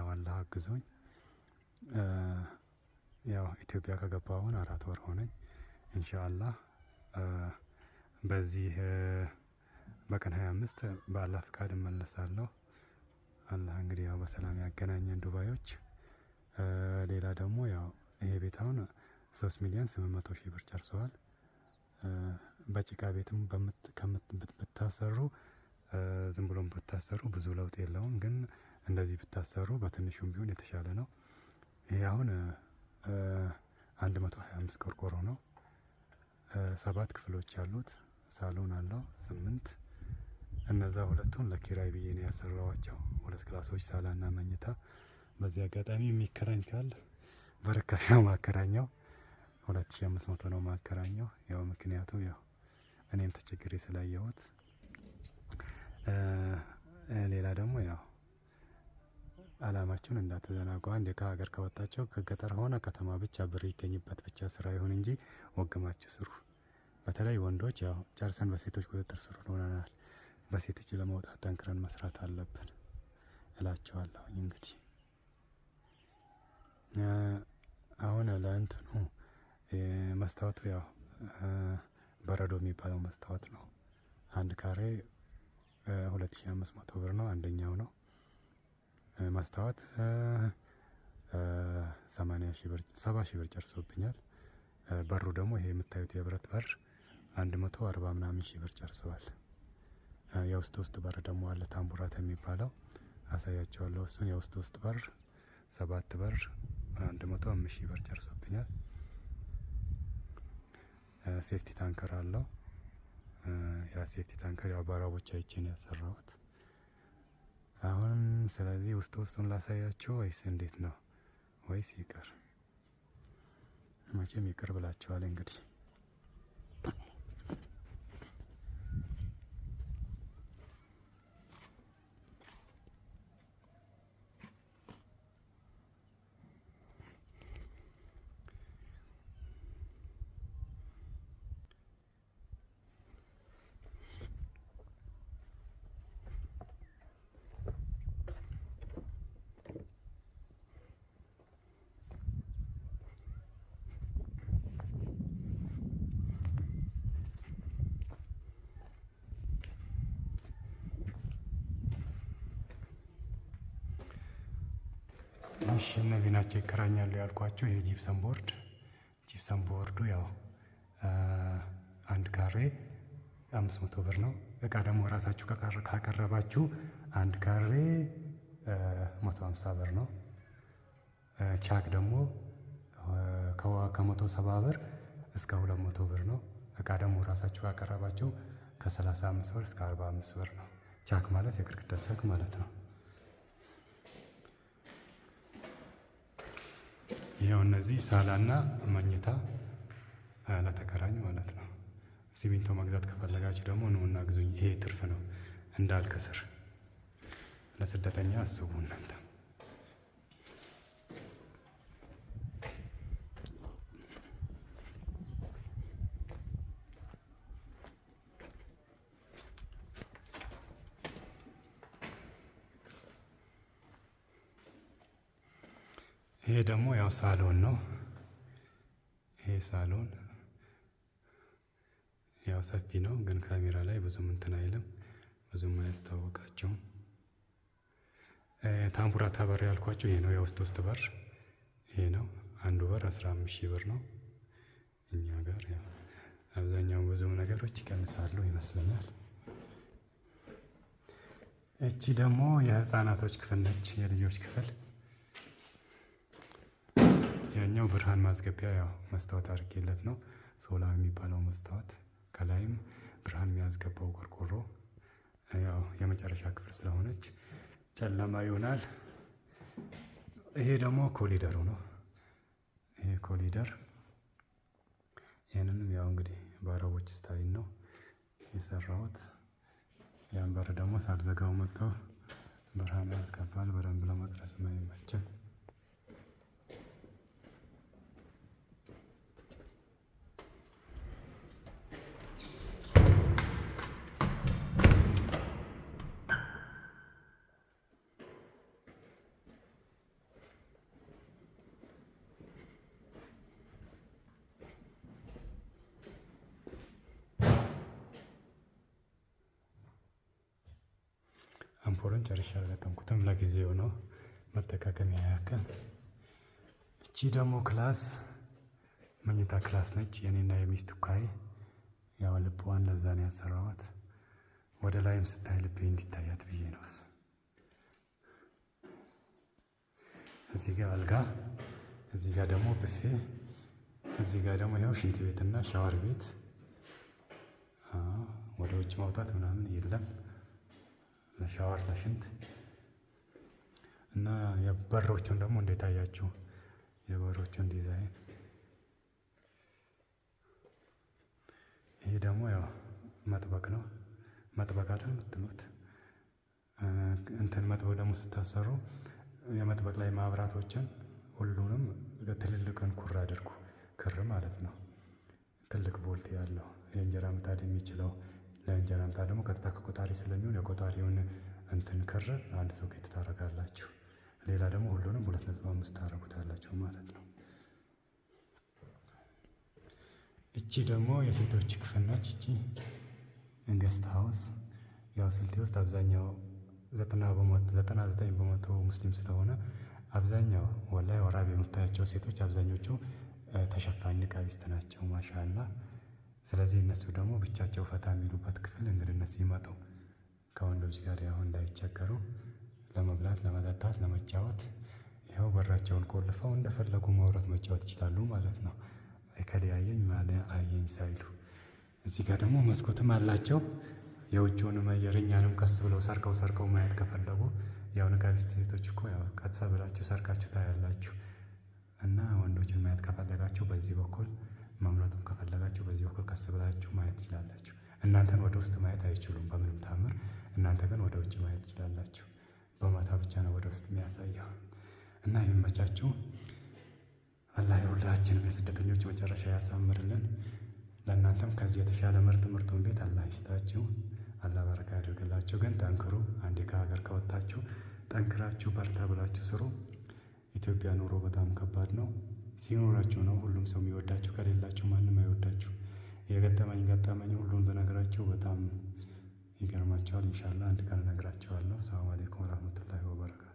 ያው አላህ አግዞኝ ያው ኢትዮጵያ ከገባሁ አሁን አራት ወር ሆነኝ። ኢንሻአላህ በዚህ በቀን 25 በአላህ ፍቃድ እመለሳለሁ። አላህ እንግዲህ ያው በሰላም ያገናኘን ዱባዮች። ሌላ ደግሞ ያው ይሄ ቤት አሁን 3 ሚሊዮን 800 ሺህ ብር ጨርሰዋል። በጭቃ ቤትም ከምት ብታሰሩ ዝም ብሎም ብታሰሩ ብዙ ለውጥ የለውም ግን እንደዚህ ብታሰሩ በትንሹም ቢሆን የተሻለ ነው። ይሄ አሁን አንድ መቶ ቆርቆሮ ነው። ሰባት ክፍሎች ያሉት ሳሎን አለው ስምንት እነዛ ሁለቱን ለኪራይ ብዬ ነው ያሰራዋቸው። ሁለት ክላሶች ሳላና መኝታ። በዚህ አጋጣሚ የሚከራኝ ካለ በርካሽ ነው ማከራኛው፣ 2500 ነው ማከራኛው። ያው ምክንያቱ ያው እኔም ተቸግሬ ስላየሁት፣ ሌላ ደግሞ ያው ዓላማቸውን እንዳትዘናጉ። አንዴ ከሀገር ከወጣቸው ከገጠር ሆነ ከተማ ብቻ ብር ይገኝበት ብቻ ስራ ይሁን እንጂ ወግማችሁ ስሩ። በተለይ ወንዶች ያው ጨርሰን በሴቶች ቁጥጥር ስር ሆነናል። በሴት እጅ ለመውጣት ጠንክረን መስራት አለብን እላቸዋለሁ። እንግዲህ አሁን ለእንትኑ መስታወቱ ያው በረዶ የሚባለው መስታወት ነው። አንድ ካሬ ሁለት ሺ አምስት መቶ ብር ነው። አንደኛው ነው። መስታወት 80 ሺህ ብር 70 ሺህ ብር ጨርሶብኛል። በሩ ደግሞ ይሄ የምታዩት የብረት በር 140 ምናምን ሺህ ብር ጨርሰዋል። የውስጥ ውስጥ በር ደግሞ አለ ታምቡራት የሚባለው አሳያቸዋለሁ። እሱን የውስጥ ውስጥ በር ሰባት በር 105 ሺህ ብር ጨርሶብኛል። ሴፍቲ ታንከር አለው። ያ ሴፍቲ ታንከር ያው በአረቦች አይቼ ነው ያሰራሁት። አሁን ስለዚህ ውስጥ ውስጡን ላሳያችሁ ወይስ እንዴት ነው? ወይስ ይቅር? መቼም ይቅር ብላችኋል እንግዲህ እሺ እነዚህ ናቸው ይከራኛሉ ያልኳቸው። የጂፕሰን ቦርድ ጂፕሰን ቦርዱ ያው አንድ ካሬ አምስት መቶ ብር ነው። እቃ ደግሞ ራሳችሁ ካቀረባችሁ አንድ ካሬ መቶ ሀምሳ ብር ነው። ቻክ ደግሞ ከመቶ ሰባ ብር እስከ ሁለት መቶ ብር ነው። እቃ ደግሞ ራሳችሁ ካቀረባችሁ ከሰላሳ አምስት ብር እስከ አርባ አምስት ብር ነው። ቻክ ማለት የግድግዳ ቻክ ማለት ነው። ይኸው እነዚህ ሳላና መኝታ ለተከራኝ ማለት ነው። ሲሚንቶ መግዛት ከፈለጋችሁ ደግሞ ኑና ግዙኝ። ይሄ ትርፍ ነው እንዳልከስር። ለስደተኛ አስቡ እናንተም ይሄ ደግሞ ያው ሳሎን ነው። ይሄ ሳሎን ያው ሰፊ ነው፣ ግን ካሜራ ላይ ብዙም እንትን አይልም፣ ብዙም አያስታወቃቸውም። ታምቡራታ በር ያልኳቸው ይሄ ነው። የውስጥ ውስጥ በር ይሄ ነው። አንዱ በር አስራ አምስት ሺህ ብር ነው። እኛ ጋር ያው አብዛኛው ብዙ ነገሮች ይቀንሳሉ ይመስለኛል። እቺ ደግሞ የህፃናቶች ክፍል ነች፣ የልጆች ክፍል ያኛው ብርሃን ማስገቢያ ያው መስታወት አድርጌለት ነው። ሶላር የሚባለው መስታወት ከላይም ብርሃን የሚያስገባው ቆርቆሮ ያው የመጨረሻ ክፍል ስለሆነች ጨለማ ይሆናል። ይሄ ደግሞ ኮሊደሩ ነው። ይሄ ኮሊደር ይህንንም ያው እንግዲህ በአረቦች ስታይል ነው የሰራሁት። ያን በር ደግሞ ሳልዘጋው መጥተው ብርሃን ያስገባል። በደንብ ለመቅረጽ የማይመችል አምፖሉን ጨርሻ አልገጠምኩትም ለጊዜው ነው መጠቃቀሚያ ያክል። እቺ ደግሞ ክላስ መኝታ ክላስ ነች የኔና የሚስት ኳይ ያው ልብዋን ለዛ ነው ያሰራዋት። ወደ ላይም ስታይ ልቤ እንዲታያት ብዬ ነው። እዚህ ጋር አልጋ፣ እዚህ ጋር ደግሞ ብፌ፣ እዚህ ጋር ደግሞ ያው ሽንት ቤትና ሻወር ቤት። ወደ ውጭ ማውጣት ምናምን የለም። ለሻወር ለሽንት እና የበሮቹን ደግሞ እንዴት አያችሁ? የበሮቹን ዲዛይን ይህ ደግሞ ያው መጥበቅ ነው። መጥበቅ አይደል የምትሉት እንትን መጥበቅ ደግሞ ስታሰሩ የመጥበቅ ላይ ማብራቶችን ሁሉንም ትልልቅን ኩር አድርጉ። ክር ማለት ነው። ትልቅ ቦልት ያለው የእንጀራ ምጣድ የሚችለው ለእንጀራ ምጣድ ደግሞ ቀጥታ ከቆጣሪ ስለሚሆን የቆጣሪውን እንትን ክር አንድ ሶኬት ታደርጋላችሁ። ሌላ ደግሞ ሁሉንም ሁለት ነጥብ አምስት ታደርጉታላችሁ ማለት ነው። እቺ ደግሞ የሴቶች ክፍል ነች። እቺ እንገስት ሀውስ ያው ስልቴ ውስጥ አብዛኛው ዘጠና ዘጠኝ በመቶ ሙስሊም ስለሆነ አብዛኛው ወላይ ወራብ የምታያቸው ሴቶች አብዛኞቹ ተሸፋኝ ኒቃቢስት ናቸው። ማሻላ ስለዚህ እነሱ ደግሞ ብቻቸው ፈታ የሚሉበት ክፍል እንግድነት ሲመጡ ከወንዶች ጋር ያሁን እንዳይቸገሩ ለመብላት፣ ለመጠጣት፣ ለመጫወት ይኸው በራቸውን ቆልፈው እንደፈለጉ መውረት መጫወት ይችላሉ ማለት ነው። ከለያየኝ ማለ አየኝ ሳይሉ እዚህ ጋር ደግሞ መስኮትም አላቸው። የውጭውንም አየር እኛንም ቀስ ብለው ሰርቀው ሰርቀው ማየት ከፈለጉ ያው ንጋቢስት ሴቶች እኮ ያው ብላችሁ ሰርቃችሁ ታያላችሁ እና ወንዶችን ማየት ከፈለጋችሁ በዚህ በኩል መምረጥም ከፈለጋችሁ በዚህ በኩል ከስ ብላችሁ ማየት ትችላላችሁ። እናንተን ወደ ውስጥ ማየት አይችሉም በምንም ታምር። እናንተ ግን ወደ ውጭ ማየት ትችላላችሁ። በማታ ብቻ ነው ወደ ውስጥ የሚያሳየው እና ይመቻችሁ። አላህ የሁላችንም የስደተኞች መጨረሻ ያሳምርልን። ለእናንተም ከዚህ የተሻለ ምርጥ ምርጡን ቤት አላህ ይስጣችሁ። አላህ በረካ ያደርግላችሁ። ግን ጠንክሩ። አንዴ ከሀገር ከወጣችሁ ጠንክራችሁ በርታ ብላችሁ ስሩ። ኢትዮጵያ ኑሮ በጣም ከባድ ነው። ሲኖራችሁ ነው ሁሉም ሰው የሚወዳችሁ። ከሌላችሁ ማንም አይወዳችሁ። የገጠመኝ ገጠመኝ ሁሉም ብነግራችሁ በጣም ይገርማቸዋል። ኢንሻላህ አንድ ቀን እነግራቸዋለሁ። ሰላም አለይኩም ወረህመቱላሂ ወበረካቱ